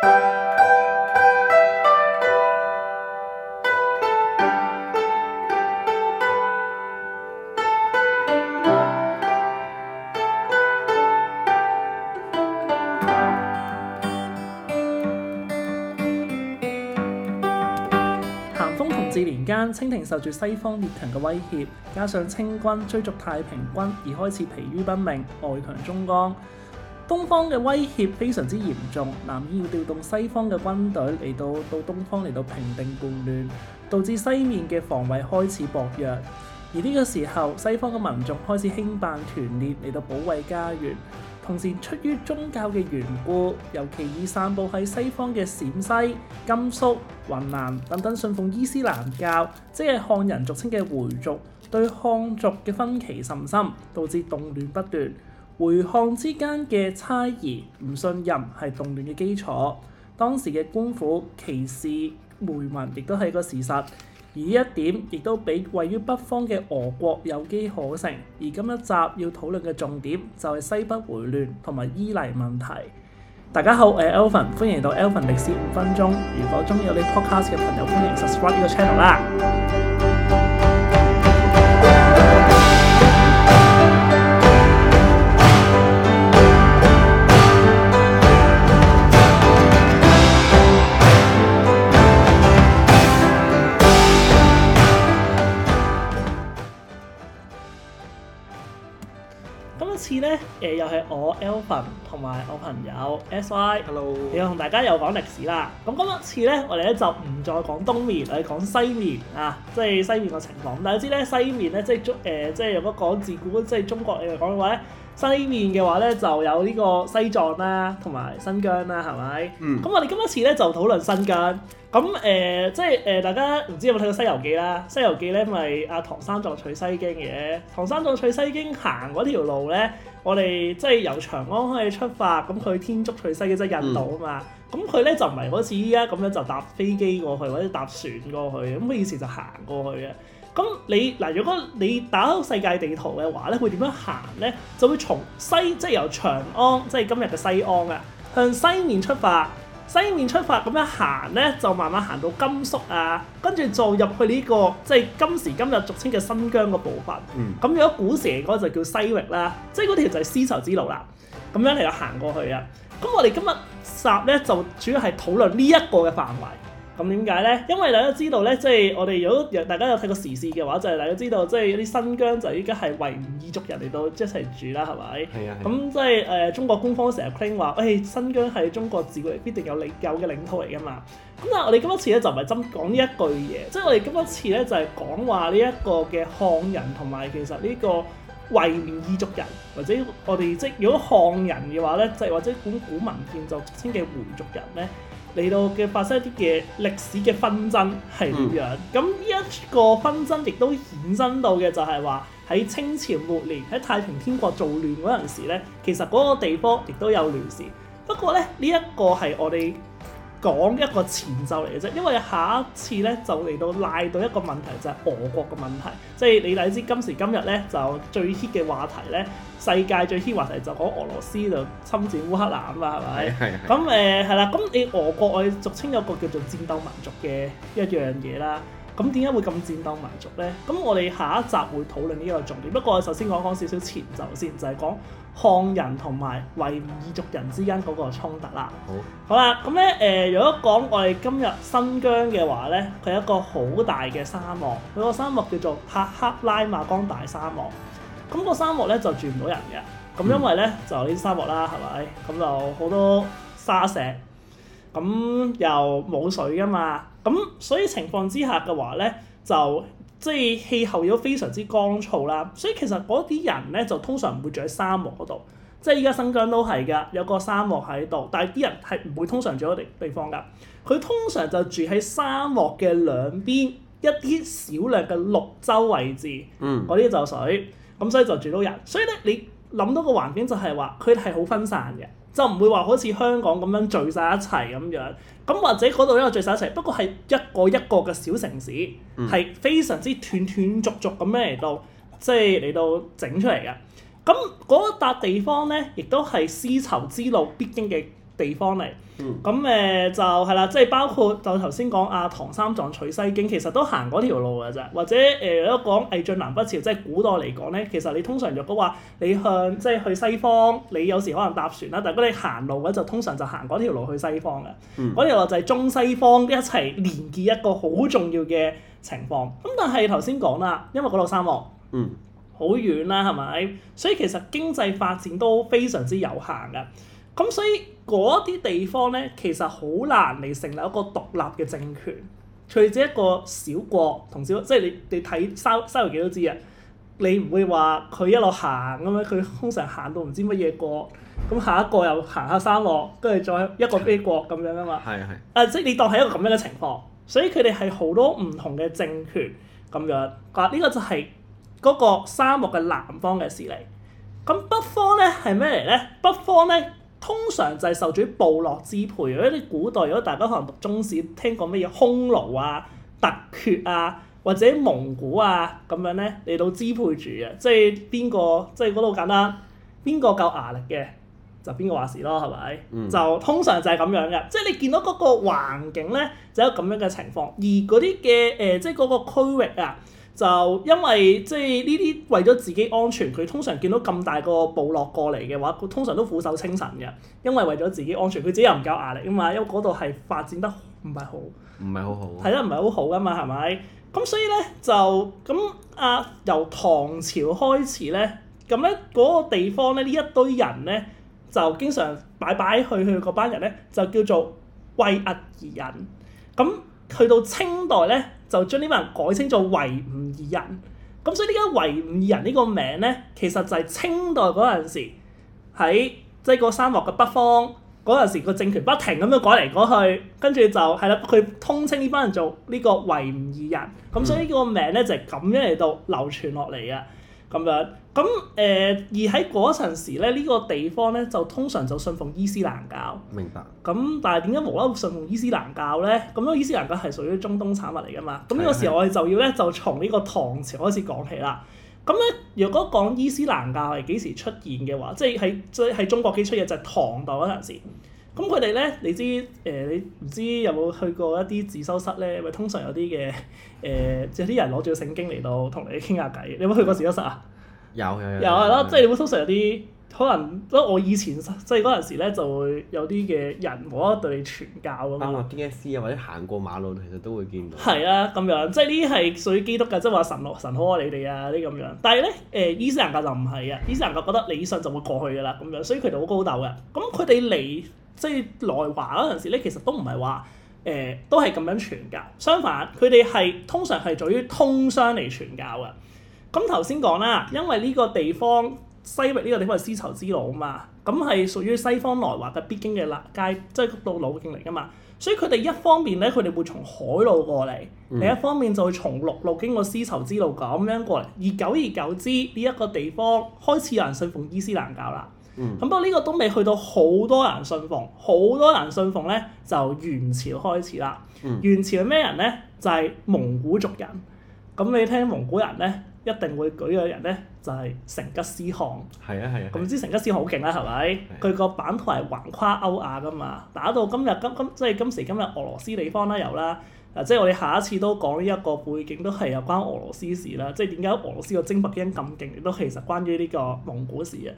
咸豐同治年間，清廷受住西方列強嘅威脅，加上清軍追逐太平軍而開始疲於奔命，外強中乾。東方嘅威脅非常之嚴重，難免要調動西方嘅軍隊嚟到到東方嚟到平定叛亂，導致西面嘅防衛開始薄弱。而呢個時候，西方嘅民眾開始興辦團練嚟到保衞家園，同時出於宗教嘅緣故，尤其以散佈喺西方嘅陝西、甘肅、雲南等等信奉伊斯蘭教，即係漢人俗稱嘅回族，對漢族嘅分歧甚深，導致動亂不斷。回漢之間嘅差異、唔信任係動亂嘅基礎。當時嘅官府歧視回民，亦都係個事實。而呢一點亦都俾位於北方嘅俄國有機可乘。而今一集要討論嘅重點就係西北回亂同埋伊犁問題。大家好，我係 Elvin，歡迎到 Elvin 歷史五分鐘。如果中意我哋 podcast 嘅朋友，歡迎 subscribe 呢個 channel 啦。咁一次呢，誒、呃、又係我 Alvin 同埋我朋友 Sy，Hello，又同大家又講歷史啦。咁今一次呢，我哋咧就唔再講東面，我哋講西面啊，即係西面個情況。大家知呢，西面呢，即係中誒，即係如果講自古即係中國嚟講嘅話咧，西面嘅話咧，就有呢個西藏啦，同埋新疆啦，係咪？咁、嗯、我哋今一次咧就討論新疆。咁誒、呃，即係誒、呃、大家唔知有冇睇過西《西遊記》啦，《西遊記》咧咪阿唐三藏取西經嘅。唐三藏取西經行嗰條路咧，我哋即係由長安開始出發。咁佢天竺取西經即係印度啊嘛。咁佢咧就唔係好似依家咁樣就搭飛機過去或者搭船過去，咁佢以前就行過去啊。咁你嗱，如果你打開世界地圖嘅話，咧，會點樣行咧？就會從西，即係由長安，即係今日嘅西安啊，向西面出發，西面出發咁樣行咧，就慢慢行到甘肅啊，跟住就入去呢個即係今時今日俗稱嘅新疆嘅部分。嗯。咁如果古時嚟講就叫西域啦，即係嗰條就係絲綢之路啦，咁樣嚟行過去啊。咁我哋今日集咧就主要係討論呢一個嘅範圍。咁點解咧？因為大家知道咧，即係我哋如果大家有睇過時事嘅話，就係、是、大家知道，即係有啲新疆就依家係維吾爾族人嚟到一齊住啦，係咪？咁即係誒、呃、中國官方成日 claim 話，誒、欸、新疆係中國自古嚟必定有領有嘅領土嚟噶嘛。咁但係，我哋今一次咧就唔係針講呢一句嘢，即係我哋今一次咧就係講話呢一個嘅漢人同埋其實呢個維吾爾族人，或者我哋即係如果漢人嘅話咧，即係或者古古文獻就稱嘅回族人咧。嚟到嘅發生一啲嘅歷史嘅紛爭係點樣？咁呢一個紛爭亦都衍生到嘅就係話喺清朝末年喺太平天國造亂嗰陣時呢，其實嗰個地方亦都有亂事。不過呢，呢一個係我哋。講一個前奏嚟嘅啫，因為下一次咧就嚟到賴到一個問題就係、是、俄國嘅問題，即係你睇知今時今日咧就最 hit 嘅話題咧，世界最 hit 話題就講俄羅斯就侵佔烏克蘭啊嘛，係咪？係。咁誒係啦，咁你俄國我哋俗稱有個叫做戰鬥民族嘅一樣嘢啦。咁點解會咁戰鬥民族咧？咁我哋下一集會討論呢個重點。不過首先講講少少前奏先，就係、是、講。漢人同埋維吾爾族人之間嗰個衝突啦。好，好啦，咁咧誒，如果講我哋今日新疆嘅話咧，佢係一個好大嘅沙漠，佢、嗰個沙漠叫做塔克拉瑪干大沙漠。咁、嗰個沙漠咧就住唔到人嘅，咁因為咧就呢啲沙漠啦，係咪？咁就好多沙石，咁又冇水噶嘛，咁所以情況之下嘅話咧就。即係氣候都非常之乾燥啦，所以其實嗰啲人咧就通常唔會住喺沙漠嗰度。即係依家新疆都係㗎，有個沙漠喺度，但係啲人係唔會通常住喺地地方㗎。佢通常就住喺沙漠嘅兩邊一啲少量嘅綠洲位置，嗰啲就水，咁所以就住到人。所以咧，你諗到個環境就係話佢係好分散嘅。就唔會話好似香港咁樣聚晒一齊咁樣，咁或者嗰度都有聚晒一齊，不過係一個一個嘅小城市，係、嗯、非常之斷斷續續咁樣嚟到，即係嚟到整出嚟嘅。咁嗰笪地方咧，亦都係絲綢之路必經嘅。地方嚟，咁誒、嗯嗯、就係啦，即係包括就頭先講阿唐三藏取西經，其實都行嗰條路嘅咋，或者誒都、呃、講魏晉南北朝，即係古代嚟講咧，其實你通常若果話你向即係去西方，你有時可能搭船啦，但如果你行路嘅就通常就行嗰條路去西方嘅。嗰、嗯、條路就係中西方一齊連結一個好重要嘅情況。咁但係頭先講啦，因為嗰度沙漠，好、嗯、遠啦、啊，係咪？所以其實經濟發展都非常之有限嘅。咁所以嗰啲地方咧，其實好難嚟成立一個獨立嘅政權，隨住一個小國同小即係你你睇《沙沙羅記》都知啊。你唔會話佢一路行咁樣，佢通常行到唔知乜嘢國，咁下一個又行下沙漠，跟住再一個飛、就是、國咁樣啊嘛。係係。啊，即係你當係一個咁樣嘅情況，所以佢哋係好多唔同嘅政權咁樣啊。呢個就係嗰個沙漠嘅南方嘅事嚟。咁北方咧係咩嚟咧？呢嗯、北方咧。通常就係受住部落支配，如果啲古代，如果大家可能讀中史，聽過乜嘢匈奴啊、突厥啊，或者蒙古啊咁樣咧嚟到支配住嘅，即係邊個？即係嗰度好簡單，邊個夠牙力嘅就邊個話事咯，係咪？嗯、就通常就係咁樣嘅，即係你見到嗰個環境咧就有咁樣嘅情況，而嗰啲嘅誒，即係嗰個區域啊。就因為即係呢啲為咗自己安全，佢通常見到咁大個部落過嚟嘅話，佢通常都俯首稱臣嘅。因為為咗自己安全，佢自己又唔夠牙力啊嘛，因為嗰度係發展得唔係好，唔係好，好好，係啦，唔係好好噶嘛，係咪？咁所以咧就咁、嗯、啊，由唐朝開始咧，咁咧嗰個地方咧呢一堆人咧就經常擺擺去去嗰班人咧就叫做維吾爾人，咁、嗯。去到清代咧，就將呢班人改稱做維吾爾人。咁所以而家維吾爾人呢個名咧，其實就係清代嗰陣時喺即係個沙漠嘅北方嗰陣時個政權不停咁樣改嚟改去，跟住就係啦，佢通稱呢班人做呢個維吾爾人。咁所以呢個名咧就係、是、咁樣嚟到流傳落嚟嘅。咁樣，咁、呃、誒而喺嗰陣時咧，呢、呢個地方咧就通常就信奉伊斯蘭教。明白。咁但係點解無啦啦信奉伊斯蘭教咧？咁因為伊斯蘭教係屬於中東產物嚟㗎嘛。咁呢個時候我哋就要咧就從呢個唐朝開始講起啦。咁、嗯、咧，如果講伊斯蘭教係幾時出現嘅話，即係喺即係中國幾出嘢就係、係、唐代嗰陣時。咁佢哋咧，你知誒、呃？你唔知有冇去過一啲自修室咧？咪通常有啲嘅誒，即係啲人攞住個聖經嚟到同你傾下偈。你有冇去過自修室啊？有有有。有係啦，即係你會通常有啲可能，即係我以前即係嗰陣時咧，就會有啲嘅人攞一對嚟傳教咁樣。啱啊，D S C 啊，或者行過馬路其實都會見到。係啊，咁樣即係呢啲係屬於基督嘅，即係話神落神好啊，你哋啊啲咁樣。但係咧誒，伊斯蘭教就唔係啊，伊斯蘭教覺得你信就會過去㗎啦咁樣，所以佢哋好高鬥嘅。咁佢哋嚟。即係來華嗰陣時咧，其實都唔係話誒，都係咁樣傳教。相反，佢哋係通常係屬於通商嚟傳教嘅。咁頭先講啦，因為呢個地方西域呢個地方係絲綢之路啊嘛，咁係屬於西方來華特必經嘅辣街，即係道路徑嚟㗎嘛。所以佢哋一方面咧，佢哋會從海路過嚟；嗯、另一方面就會從陸路經過絲綢之路咁樣過嚟。而久而久之，呢一個地方開始有人信奉伊斯蘭教啦。咁不過呢個都未去到好多人信奉，好多人信奉咧就元朝開始啦。嗯、元朝係咩人咧？就係、是、蒙古族人。咁你聽蒙古人咧，一定會舉嘅人咧就係、是、成吉思汗。係啊係啊。咁、啊啊、知成吉思汗好勁啦，係咪？佢個、啊啊、版圖係橫跨歐亞㗎嘛，打到今日今今即係今時今日俄羅斯地方啦、啊，有啦。即係我哋下一次都講呢一個背景，都係有關俄羅斯事啦。即係點解俄羅斯個精北京咁勁？亦都其實關於呢個蒙古事。嘅。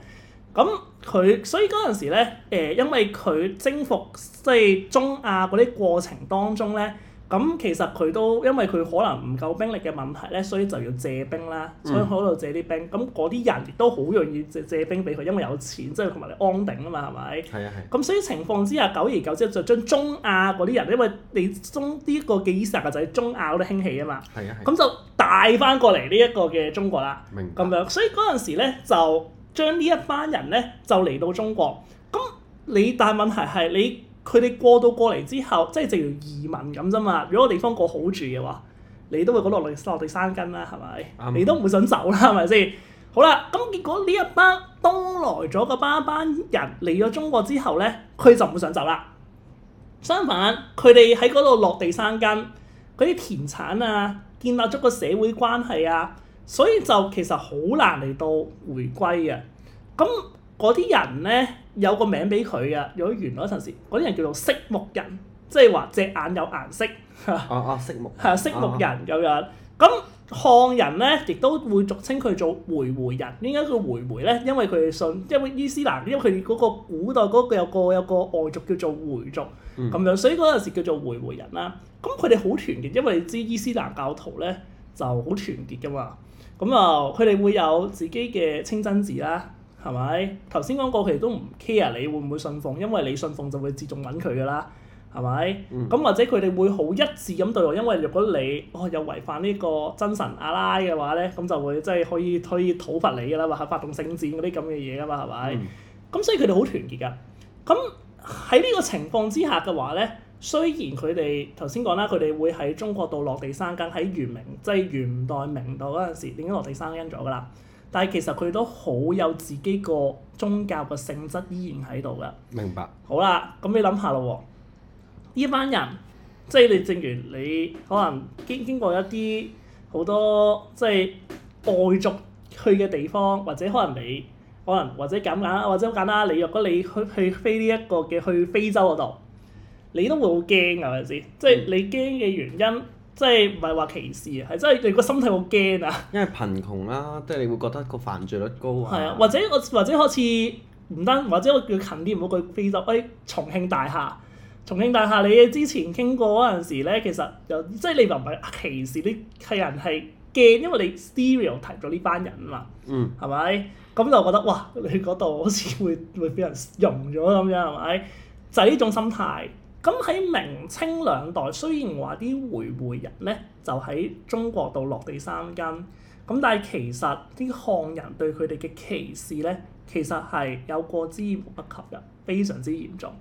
咁佢所以嗰陣時咧，誒，因為佢征服即係中亞嗰啲過程當中咧，咁其實佢都因為佢可能唔夠兵力嘅問題咧，所以就要借兵啦，所以喺度借啲兵。咁嗰啲人亦都好容易借借兵俾佢，因為有錢，即係同埋你安定啊嘛，係咪？係啊係。咁所以情況之下，久而久之就將中亞嗰啲人，因為你中呢個嘅伊斯蘭就中亞都啲興起啊嘛。係啊係。咁就帶翻過嚟呢一個嘅中國啦。明白。咁樣，所以嗰陣時咧就。將一呢一班人咧就嚟到中國，咁你但問題係你佢哋過到過嚟之後，即係正如移民咁啫嘛。如果地方過好住嘅話，你都會嗰度落落落地生根啦，係咪？嗯、你都唔會想走啦，係咪先？好啦，咁結果呢一班東來咗個班班人嚟咗中國之後咧，佢就唔會想走啦。相反，佢哋喺嗰度落地生根，嗰啲田產啊，建立咗個社會關係啊。所以就其實好難嚟到回歸嘅。咁嗰啲人咧有個名俾佢嘅，有啲元嗰陣時，嗰啲人叫做色目人，即係話隻眼有顏色。色目係啊，色目 人咁樣、啊啊。咁漢人咧亦都會俗稱佢做回回人。點解叫回回咧？因為佢哋信，因為伊斯蘭，因為佢哋嗰個古代嗰個有個有個外族叫做回族咁、嗯、樣，所以嗰陣時叫做回回人啦。咁佢哋好團結，因為你知伊斯蘭教徒咧就好團結噶嘛。咁啊，佢哋會有自己嘅清真寺啦，係咪？頭先講過，佢哋都唔 care 你會唔會信奉，因為你信奉就會自動揾佢噶啦，係咪？咁、嗯、或者佢哋會好一致咁對我，因為如果你哦有違反呢個真神阿拉嘅話呢，咁就會即係、就是、可以可以討伐你噶啦，或係發動聖戰嗰啲咁嘅嘢噶嘛，係咪？咁、嗯、所以佢哋好團結噶、啊。咁喺呢個情況之下嘅話呢。雖然佢哋頭先講啦，佢哋會喺中國度落地生根，喺元明即係元代明度嗰陣時已經落地生根咗噶啦。但係其實佢都好有自己個宗教嘅性質依然喺度噶。明白。好啦，咁、嗯、你諗下咯喎，呢班人即係你，正如你可能經經過一啲好多即係、就是、外族去嘅地方，或者可能你可能或者咁簡單，或者好簡單，你若果你去去，去飛呢、這、一個嘅去非洲嗰度，你都會好驚係咪先？即係你驚嘅原因，嗯、即係唔係話歧視啊？係真係你個心態好驚啊！因為貧窮啦、啊，即係你會覺得個犯罪率高啊！係啊，或者我或者好似唔單，或者我叫近啲唔好去非洲。誒、哎，重慶大廈，重慶大廈，你之前傾過嗰陣時咧，其實又即係你又唔係歧視啲係人係驚，因為你 stereotype 咗呢班人啊嘛。嗯。係咪？咁就覺得哇，你嗰度好似會會俾人融咗咁樣係咪？就係、是、呢種心態。咁喺明清兩代，雖然話啲回回人咧就喺中國度落地生根，咁但係其實啲漢人對佢哋嘅歧視咧，其實係有過之無不及嘅，非常之嚴重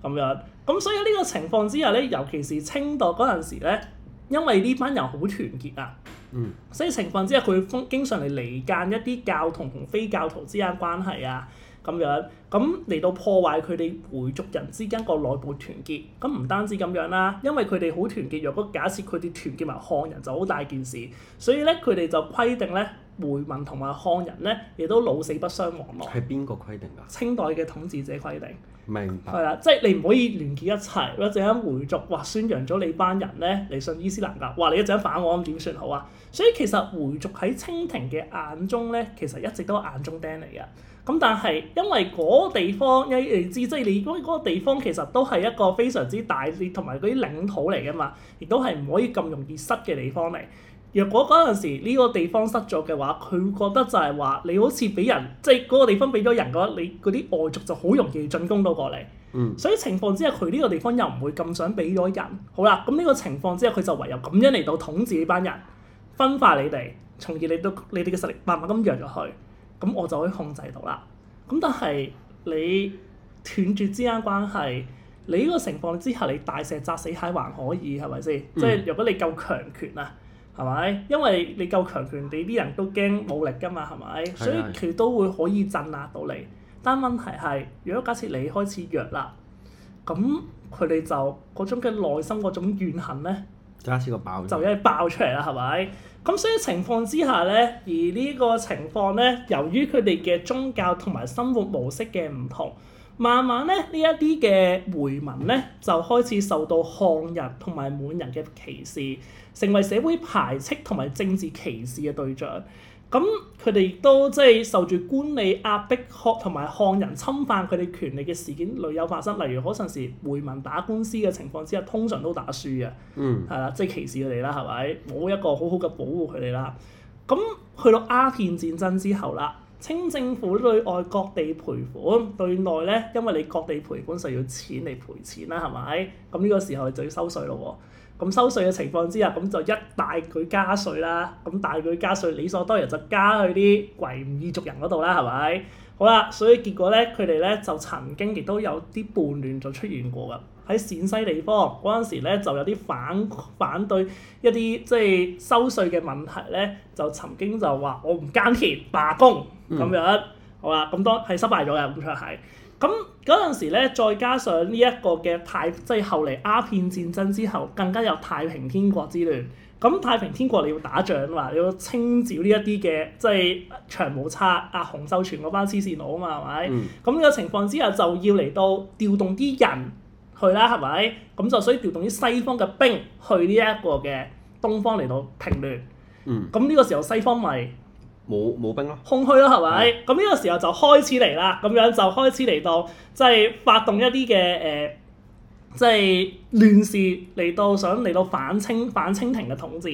咁樣。咁所以呢個情況之下咧，尤其是清代嗰陣時咧，因為呢班人好團結啊，嗯、所以情況之下佢風經常嚟離間一啲教徒同非教徒之間關係啊。咁樣，咁嚟到破壞佢哋回族人之間個內部團結，咁唔單止咁樣啦，因為佢哋好團結，若果假設佢哋團結埋漢人就好大件事，所以呢，佢哋就規定呢。回民同埋漢人咧，亦都老死不相往來。係邊個規定㗎？清代嘅統治者規定。明白。係啦，即係你唔可以聯結一齊，或者一回族話宣揚咗你班人咧，嚟信伊斯蘭教，話你一陣反我咁點算好啊？所以其實回族喺清廷嘅眼中咧，其實一直都眼中釘嚟嘅。咁但係因為嗰個地方，你知即係、就是、你嗰個地方其實都係一個非常之大同埋嗰啲領土嚟㗎嘛，亦都係唔可以咁容易失嘅地方嚟。若果嗰陣時呢個地方失咗嘅話，佢會覺得就係話你好似俾人，即係嗰個地方俾咗人嘅話，你嗰啲外族就好容易進攻到過嚟。嗯。所以情況之下，佢呢個地方又唔會咁想俾咗人。好啦，咁呢個情況之下，佢就唯有咁樣嚟到統治呢班人，分化你哋，從而到你都你哋嘅實力慢慢咁弱咗去。咁我就可以控制到啦。咁但係你斷絕之間關係，你呢個情況之下，你大石砸死蟹還可以係咪先？是是嗯、即係如果你夠強權啊！係咪？因為你夠強權，你啲人都驚冇力㗎嘛，係咪？所以佢都會可以鎮壓到你。但問題係，如果假設你開始弱啦，咁佢哋就嗰種嘅內心嗰種怨恨咧，就一係爆出嚟啦，係咪？咁所以情況之下咧，而呢個情況咧，由於佢哋嘅宗教同埋生活模式嘅唔同，慢慢咧呢一啲嘅回民咧就開始受到漢人同埋滿人嘅歧視。成為社會排斥同埋政治歧視嘅對象，咁佢哋亦都即係、就是、受住官吏壓迫殼同埋漢人侵犯佢哋權利嘅事件屢有發生。例如嗰陣時回民打官司嘅情況之下，通常都打輸嘅，係啦、嗯，即係歧視佢哋啦，係咪冇一個好好嘅保護佢哋啦？咁去到鴉片戰爭之後啦，清政府對外各地賠款，對內咧，因為你各地賠款就要錢嚟賠錢啦，係咪？咁呢個時候就要收稅咯喎。咁收稅嘅情況之下，咁就一大舉加稅啦，咁大舉加稅，理所當然就加去啲維吾爾族人嗰度啦，係咪？好啦，所以結果咧，佢哋咧就曾經亦都有啲叛亂就出現過㗎。喺陝西地方嗰陣時咧，就有啲反反對一啲即係收稅嘅問題咧，就曾經就話我唔耕田罷工咁、嗯、樣。好啦，咁當係失敗咗嘅，咁就係。咁嗰陣時咧，再加上呢一個嘅太，即係後嚟鴉片戰爭之後，更加有太平天國之亂。咁太平天國你要打仗嘛，話你要清剿呢一啲嘅，即係長毛差啊，洪秀全嗰班黐線佬啊嘛，係咪？嗯。咁呢個情況之下就要嚟到調動啲人去啦，係咪？咁就所以調動啲西方嘅兵去呢一個嘅東方嚟到平亂。嗯。咁呢個時候西方咪？冇冇兵咯、啊，空虛咯，係咪？咁呢 個時候就開始嚟啦，咁樣就開始嚟到即係、就是、發動一啲嘅誒，即係亂事嚟到，想嚟到反清反清廷嘅統治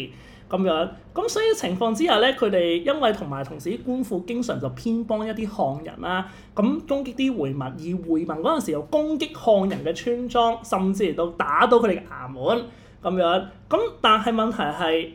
咁樣。咁所以情況之下咧，佢哋因為同埋同時官府經常就偏幫一啲漢人啦，咁攻擊啲回民，而回民嗰陣時又攻擊漢人嘅村莊，甚至嚟到打到佢哋嘅衙門咁樣。咁但係問題係。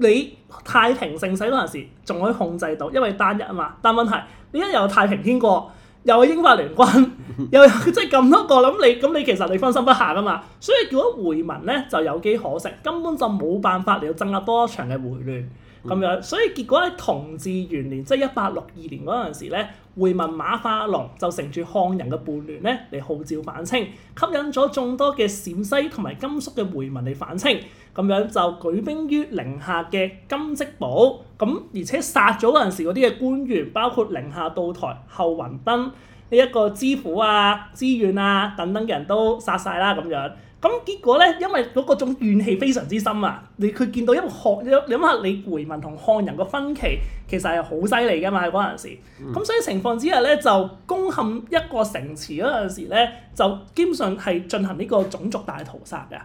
你太平盛世嗰陣時，仲可以控制到，因為單一啊嘛。但問題你一有太平天國，又係英法聯軍，又有即係咁多個啦。咁你咁你其實你分心不下噶嘛。所以如果回民咧就有機可乘，根本就冇辦法嚟到鎮壓多一場嘅回亂咁、嗯、樣。所以結果喺同治元年，即係一八六二年嗰陣時咧，回民馬化龍就乘住漢人嘅叛亂咧嚟號召反清，吸引咗眾多嘅陝西同埋甘肅嘅回民嚟反清。咁樣就舉兵於寧夏嘅金積堡，咁而且殺咗嗰陣時嗰啲嘅官員，包括寧夏道台侯雲登呢一個知府啊、知縣啊等等嘅人都殺晒啦。咁樣，咁結果咧，因為嗰種怨氣非常之深啊！你佢見到一個漢，你諗下你回民同漢人嘅分歧其實係好犀利㗎嘛，嗰陣時。咁、嗯、所以情況之下咧，就攻陷一個城池嗰陣時咧，就基本上係進行呢個種族大屠殺嘅。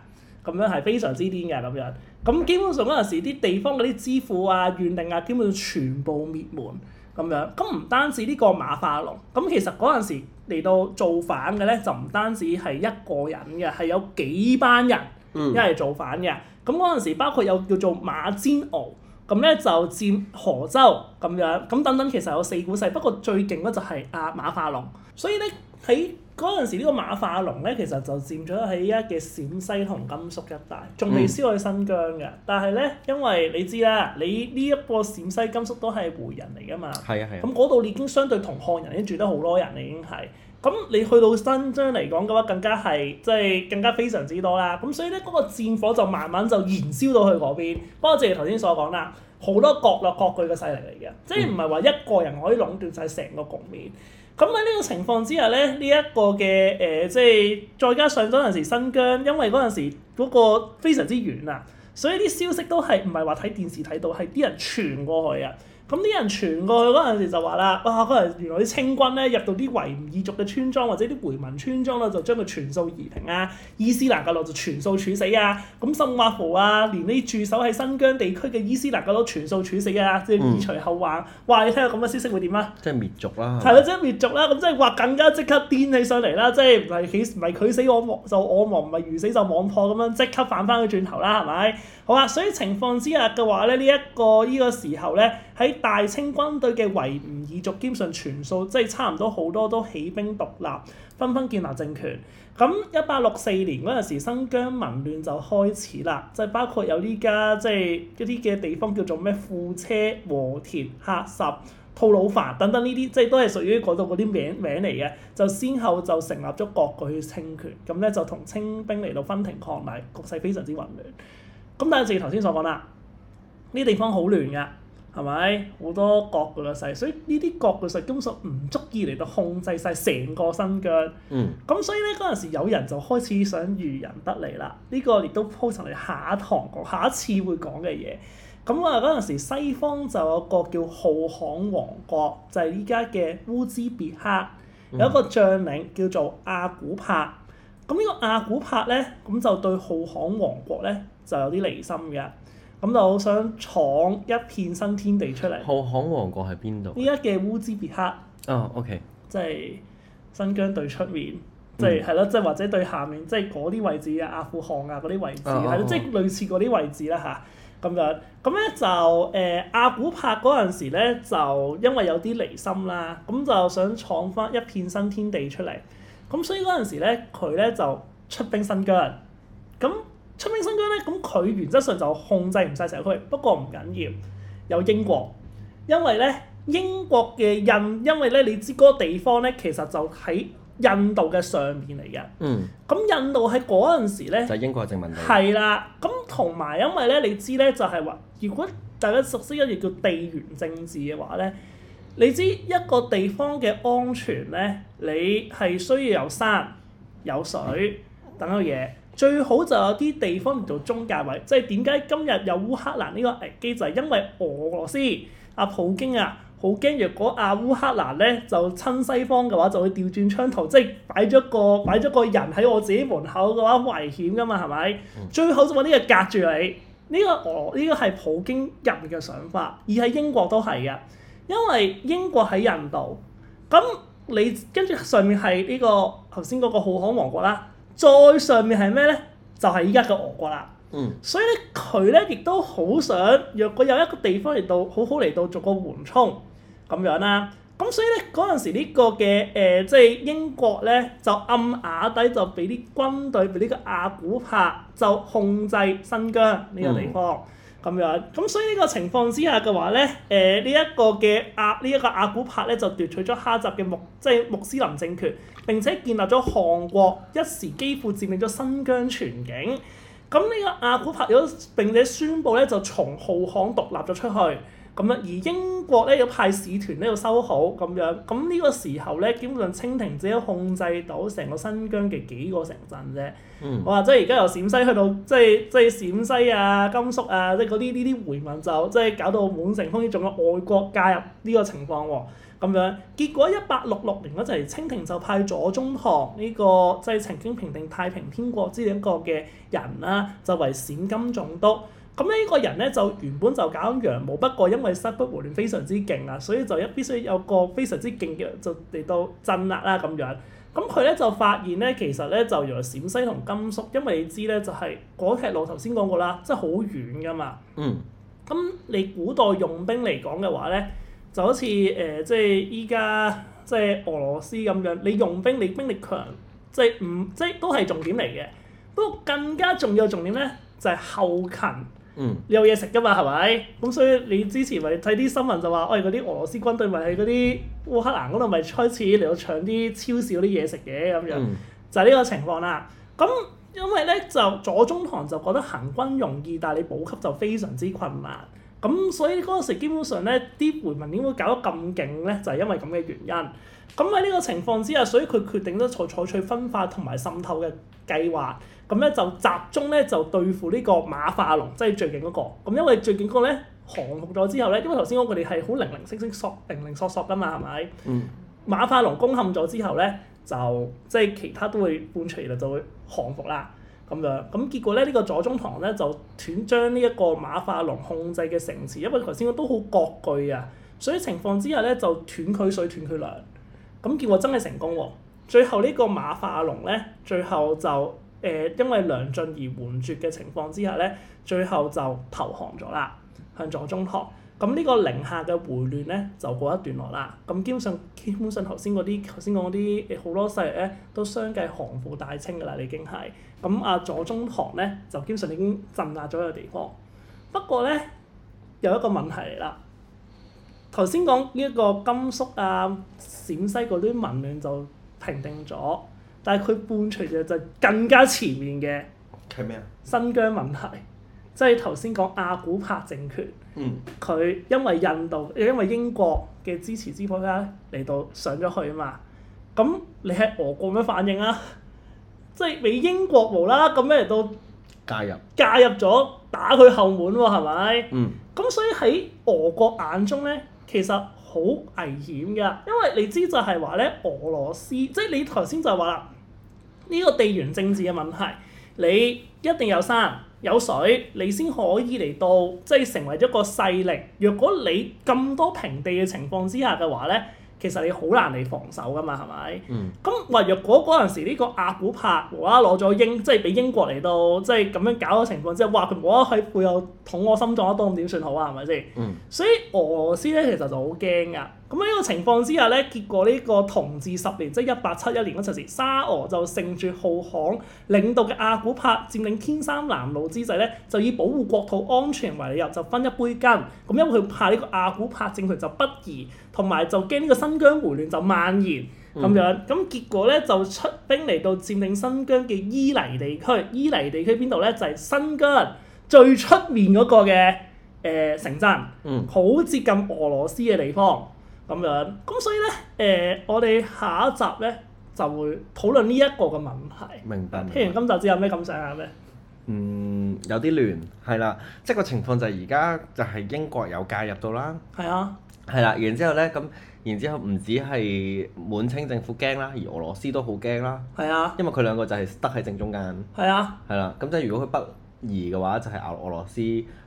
咁樣係非常之癲嘅咁樣，咁基本上嗰陣時啲地方嗰啲知府啊、縣令啊，基本上全部滅門咁樣。咁唔單止呢個馬化龍，咁其實嗰陣時嚟到造反嘅咧，就唔單止係一個人嘅，係有幾班人一係造反嘅。咁嗰陣時包括有叫做馬佔鰲，咁咧就佔河州咁樣，咁等等其實有四股勢，不過最勁咧就係阿、啊、馬化龍。所以咧喺嗰陣時呢個馬化龍咧，其實就佔咗喺依家嘅陝西同甘肅一帶，仲未燒去新疆嘅。嗯、但係咧，因為你知啦，你呢一個陝西甘肅都係回人嚟噶嘛，咁嗰度已經相對同漢人已經住得好多人已經係。咁你去到新疆嚟講嘅話，咁啊更加係即係更加非常之多啦。咁所以咧，嗰、那個戰火就慢慢就燃燒到去嗰邊。不過正如頭先所講啦，好多各落各據嘅勢力嚟嘅，即係唔係話一個人可以壟斷晒成個局面。咁喺呢個情況之下咧，呢、這、一個嘅誒、呃，即係再加上咗嗰陣時新疆，因為嗰陣時嗰個非常之遠啊，所以啲消息都係唔係話睇電視睇到，係啲人傳過去啊。咁啲人傳過去嗰陣時就話啦，哇！嗰陣原來啲清軍咧入到啲維吾爾族嘅村莊或者啲回民村莊咧，就將佢全數夷平啊！伊斯蘭教徒就全數處死啊！咁甚至乎啊，連呢駐守喺新疆地區嘅伊斯蘭教徒全數處死啊！即係以除後患。嗯、哇！你睇下咁嘅消息會點啊？即係滅族啦。係啦，即係滅族啦！咁即係話更加即刻癲起上嚟啦！即係唔係佢唔係佢死我亡就我亡，唔係魚死就網破咁樣即刻反翻去轉頭啦，係咪？好啊！所以情況之下嘅話咧，呢、呢、一個呢、呢個時候咧。喺大清軍隊嘅維吾爾族基本上全數，即係差唔多好多都起兵獨立，紛紛建立政權。咁一八六四年嗰陣時，新疆民亂就開始啦，即係包括有呢家即係一啲嘅地方叫做咩庫車、和田、喀什、吐魯番等等呢啲，即係都係屬於嗰度嗰啲名名嚟嘅。就先後就成立咗各個嘅清權，咁咧就同清兵嚟到分庭抗禮，局勢非常之混亂。咁但係自己頭先所講啦，呢啲地方好亂嘅。係咪？好多國嘅勢，所以呢啲國嘅勢根本唔足以嚟到控制晒成個新疆。咁、嗯、所以咧，嗰陣時有人就開始想漁人得利啦。呢、呢個亦都鋪陳嚟下一堂講、下一次會講嘅嘢。咁啊，嗰陣時西方就有個叫浩罕王國，就係依家嘅烏茲別克，有一個將領叫做阿古柏。咁、嗯、呢個阿古柏咧，咁就對浩罕王國咧就有啲離心嘅。咁就好想闖一片新天地出嚟。浩罕王國係邊度？依家嘅烏茲別克。哦，OK，即係新疆對出面，即係係咯，即係或者對下面，即係嗰啲位置啊，阿富汗啊嗰啲位置，係咯，即係類似嗰啲位置啦吓，咁樣，咁咧就誒、呃、阿古柏嗰陣時咧，就因為有啲離心啦，咁就想闖翻一片新天地出嚟。咁所以嗰陣時咧，佢咧就出兵新疆。咁出名新疆咧，咁佢原則上就控制唔晒成個區，不過唔緊要，有英國，因為咧英國嘅印，因為咧你知嗰個地方咧其實就喺印度嘅上面嚟嘅。嗯。咁、嗯、印度喺嗰陣時咧，就英國殖民地。係啦，咁同埋因為咧，你知咧就係話，如果大家熟悉一樣叫地緣政治嘅話咧，你知一個地方嘅安全咧，你係需要有山、有水、嗯、等嘅嘢。最好就有啲地方唔做中介位，即係點解今日有烏克蘭呢個誒危機？因為俄羅斯啊，普京啊，好驚如果阿、啊、烏克蘭咧就親西方嘅話，就會調轉槍頭，即係擺咗個擺咗個人喺我自己門口嘅話，危險噶嘛，係咪？嗯、最好就揾呢個隔住你。呢、這個俄呢、這個係普京人嘅想法，而喺英國都係嘅，因為英國喺印度。咁你跟住上面係呢、這個頭先嗰個浩罕王國啦。再上面係咩咧？就係依家嘅俄國啦。嗯。所以咧，佢咧亦都好想，若果有一個地方嚟到，好好嚟到做個緩衝咁樣啦、啊。咁所以咧，嗰陣時呢個嘅誒，即、呃、係、就係、英國咧，就暗啞底就俾啲軍隊俾呢個阿古柏就控制新疆呢個地方。嗯。咁樣，咁所以呢個情況之下嘅話咧，誒呢一個嘅阿呢一個阿古柏咧就奪取咗哈薩嘅穆，即係穆斯林政權，並且建立咗汗國，一時幾乎佔領咗新疆全境。咁、嗯、呢、呢個阿古柏有並且宣布咧，就從浩罕獨立咗出去。咁樣，而英國咧要派使團呢度收好咁樣，咁呢個時候咧，基本上清廷只係控制到成個新疆嘅幾個城鎮啫。哇、嗯！即係而家由陝西去到，即係即係陝西啊、甘肅啊，即係嗰啲呢啲回民就即係、就是、搞到滿城烽煙，仲有外國介入呢個情況喎、啊。咁樣，結果一八六六年嗰陣，清廷就派左宗棠呢、這個即係曾經平定太平天國之一個嘅人啦、啊，就為陝甘總督。咁呢個人咧就原本就搞緊羊毛，不過因為塞北胡亂非常之勁啦、啊，所以就一必須有個非常之勁嘅就嚟到鎮壓啦咁樣。咁佢咧就發現咧，其實咧就由陝西同甘肅，因為你知咧就係嗰條路頭先講過啦，即係好遠噶嘛。嗯。咁你古代用兵嚟講嘅話咧，就好似誒、呃、即係依家即係俄羅斯咁樣，你用兵你兵力強，就是、即係唔即係都係重點嚟嘅。不過更加重要嘅重點咧就係、是、後勤。嗯，你有嘢食㗎嘛？係咪？咁所以你之前咪睇啲新聞就話，喂、哎，嗰啲俄羅斯軍隊咪喺嗰啲烏克蘭嗰度咪開始嚟到搶啲超市啲嘢食嘅咁樣，嗯、就係呢個情況啦。咁因為咧就左宗棠就覺得行軍容易，但係你補給就非常之困難。咁所以嗰陣時基本上咧啲回民點會搞得咁勁咧？就係、是、因為咁嘅原因。咁喺呢個情況之下，所以佢決定咗採採取分化同埋滲透嘅計劃。咁咧就集中咧就對付呢個馬化龍，即係最勁嗰個。咁因為最勁嗰個咧降服咗之後咧，因為頭先講佢哋係好零零星星索零零索索㗎嘛，係咪？嗯、馬化龍攻陷咗之後咧，就即係其他都會搬出嚟啦，就會降服啦咁樣。咁結果咧，呢個左宗棠咧就斷將呢一個馬化龍控制嘅城池，因為頭先都好割據啊。所以情況之下咧，就斷佢水斷佢糧。咁結果真係成功喎！最後呢個馬化龍咧，最後就誒、呃、因為糧盡而援絕嘅情況之下咧，最後就投降咗啦，向左宗棠。咁呢個寧夏嘅回亂咧就過一段落啦。咁基本上，基本上頭先嗰啲，頭先講嗰啲好多勢力咧都相繼降服大清㗎啦，已經係。咁啊，左宗棠咧就基本上已經鎮壓咗個地方。不過咧，有一個問題嚟啦。頭先講呢一個甘肅啊、陝西嗰啲民亂就平定咗，但係佢伴隨着就更加前面嘅係咩啊？新疆問題，即係頭先講阿古柏政權，嗯，佢因為印度因為英國嘅支持支持咧嚟到上咗去啊嘛，咁你喺俄國咩反應啊？即係俾英國無啦，咁咩嚟到介入？介入咗打佢後門喎、啊，係咪？嗯。咁所以喺俄國眼中咧？其實好危險㗎，因為你知就係話咧，俄羅斯即係你頭先就話啦，呢個地緣政治嘅問題，你一定有山有水，你先可以嚟到即係成為一個勢力。若果你咁多平地嘅情況之下嘅話咧。其實你好難嚟防守噶嘛，係咪？咁話若果嗰陣時呢個阿古柏無啦攞咗英，即係俾英國嚟到即係咁樣搞嘅情況之下，話佢冇得喺背後捅我心臟一刀，點算好啊？係咪先？嗯、所以俄羅斯咧其實就好驚噶。咁喺呢個情況之下呢，結果呢個同治十年，即係一八七一年嗰陣時，沙俄就乘住浩罕領導嘅阿古柏佔領天山南路之際呢，就以保護國土安全為理由，就分一杯羹。咁因為佢怕呢個阿古柏政權就不宜，同埋就驚呢個新疆回亂就蔓延咁樣。咁、嗯、結果呢就出兵嚟到佔領新疆嘅伊犁地區。伊犁地區邊度呢？就係、是、新疆最出面嗰個嘅誒、呃、城鎮，好、嗯、接近俄羅斯嘅地方。咁樣，咁所以咧，誒、呃，我哋下一集咧就會討論呢一個嘅問題。明白。聽完今集之後，有咩感想咧？嗯，有啲亂，係啦，即係個情況就係而家就係英國有介入到啦。係啊的。係啦，然之後咧，咁然之後唔止係滿清政府驚啦，而俄羅斯都好驚啦。係啊的。因為佢兩個就係得喺正中間。係啊的。係啦的，咁即係如果佢不義嘅話，就係、是、俄羅斯。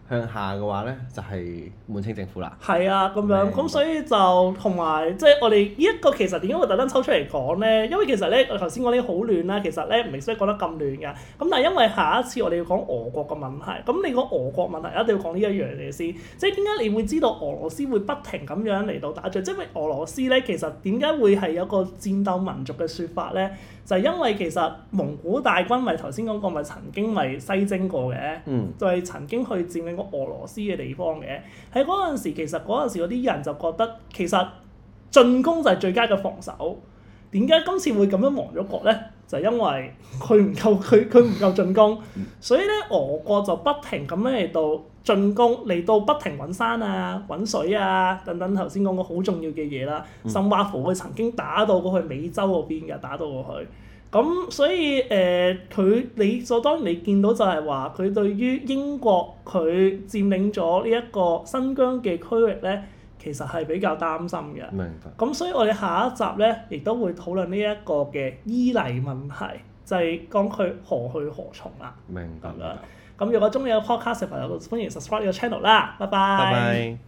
向下嘅話咧，就係、是、滿清政府啦。係啊，咁樣咁、嗯、所以就同埋即係我哋呢一個其實點解會特登抽出嚟講咧？因為其實咧我頭先講啲好亂啦，其實咧唔係真係講得咁亂嘅。咁但係因為下一次我哋要講俄國嘅問題，咁你講俄國問題一定要講呢一樣嘢先。即係點解你會知道俄羅斯會不停咁樣嚟到打仗？即、就、係、是、因為俄羅斯咧，其實點解會係有個戰鬥民族嘅説法咧？就因為其實蒙古大軍咪頭先講過，咪曾經咪西征過嘅，嗯、就係曾經去佔領過俄羅斯嘅地方嘅。喺嗰陣時，其實嗰陣時嗰啲人就覺得，其實進攻就係最佳嘅防守。點解今次會咁樣亡咗國呢？就因為佢唔夠佢佢唔夠進攻，所以咧俄國就不停咁樣嚟到進攻，嚟到不停揾山啊揾水啊，等等，頭先講個好重要嘅嘢啦。甚至乎佢曾經打到過去美洲嗰邊嘅，打到過去。咁所以誒，佢理所當然你見到就係話佢對於英國佢佔領咗呢一個新疆嘅區域咧。其實係比較擔心嘅，明白。咁所以我哋下一集咧，亦都會討論呢一個嘅依賴問題，就係講佢何去何從啦。明白。咁咁如果中意個 podcast 嘅朋友，歡迎 subscribe 個 channel 啦，拜拜。拜拜。